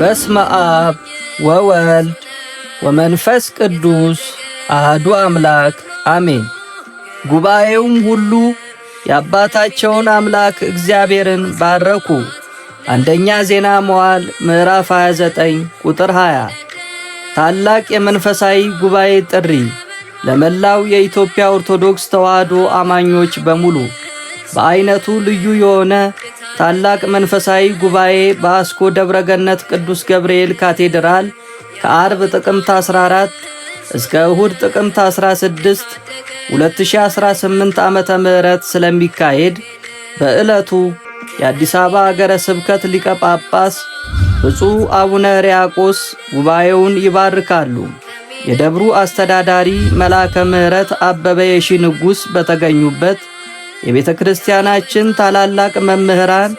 በስመ አብ ወወልድ ወመንፈስ ቅዱስ አህዱ አምላክ አሜን። ጉባኤውም ሁሉ የአባታቸውን አምላክ እግዚአብሔርን ባረኩ። አንደኛ ዜና መዋዕል ምዕራፍ 29 ቁጥር 20። ታላቅ የመንፈሳዊ ጉባኤ ጥሪ ለመላው የኢትዮጵያ ኦርቶዶክስ ተዋሕዶ አማኞች በሙሉ በአይነቱ ልዩ የሆነ ታላቅ መንፈሳዊ ጉባኤ በአስኮ ደብረ ገነት ቅዱስ ገብርኤል ካቴድራል ከአርብ ጥቅምት 14 እስከ እሁድ ጥቅምት 16 2018 ዓመተ ምህረት ስለሚካሄድ በዕለቱ የአዲስ አበባ አገረ ስብከት ሊቀ ጳጳስ ብፁዕ አቡነ ሪያቆስ ጉባኤውን ይባርካሉ። የደብሩ አስተዳዳሪ መልአከ ምሕረት አበበ የሺ ንጉሥ በተገኙበት የቤተ ክርስቲያናችን ታላላቅ መምህራን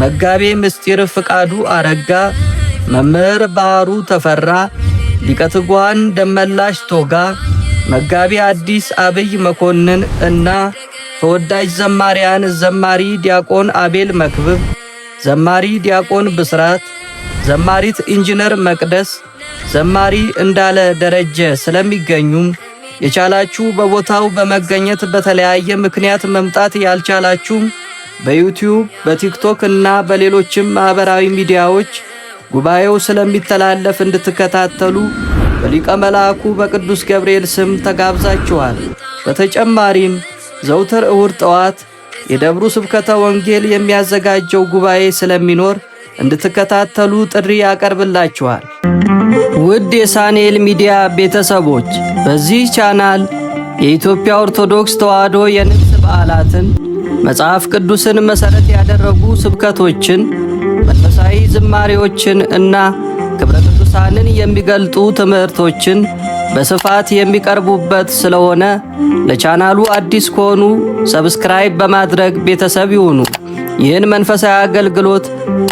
መጋቤ ምስጢር ፍቃዱ አረጋ፣ መምህር ባህሩ ተፈራ፣ ሊቀትጓን ደመላሽ ቶጋ፣ መጋቢ አዲስ አብይ መኮንን እና ተወዳጅ ዘማሪያን ዘማሪ ዲያቆን አቤል መክብብ፣ ዘማሪ ዲያቆን ብስራት፣ ዘማሪት ኢንጂነር መቅደስ፣ ዘማሪ እንዳለ ደረጀ ስለሚገኙም የቻላችሁ በቦታው በመገኘት በተለያየ ምክንያት መምጣት ያልቻላችሁም በዩቲዩብ በቲክቶክ እና በሌሎችም ማኅበራዊ ሚዲያዎች ጉባኤው ስለሚተላለፍ እንድትከታተሉ በሊቀ መልአኩ በቅዱስ ገብርኤል ስም ተጋብዛችኋል። በተጨማሪም ዘውትር እሁድ ጠዋት የደብሩ ስብከተ ወንጌል የሚያዘጋጀው ጉባኤ ስለሚኖር እንድትከታተሉ ጥሪ ያቀርብላችኋል። ውድ የሳንኤል ሚዲያ ቤተሰቦች በዚህ ቻናል የኢትዮጵያ ኦርቶዶክስ ተዋሕዶ የንግስ በዓላትን፣ መጽሐፍ ቅዱስን መሠረት ያደረጉ ስብከቶችን፣ መንፈሳዊ ዝማሬዎችን እና ክብረ ቅዱሳንን የሚገልጡ ትምህርቶችን በስፋት የሚቀርቡበት ስለሆነ ለቻናሉ አዲስ ከሆኑ ሰብስክራይብ በማድረግ ቤተሰብ ይሁኑ። ይህን መንፈሳዊ አገልግሎት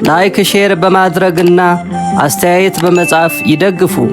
ላይክ፣ ሼር በማድረግና አስተያየት በመጻፍ ይደግፉ።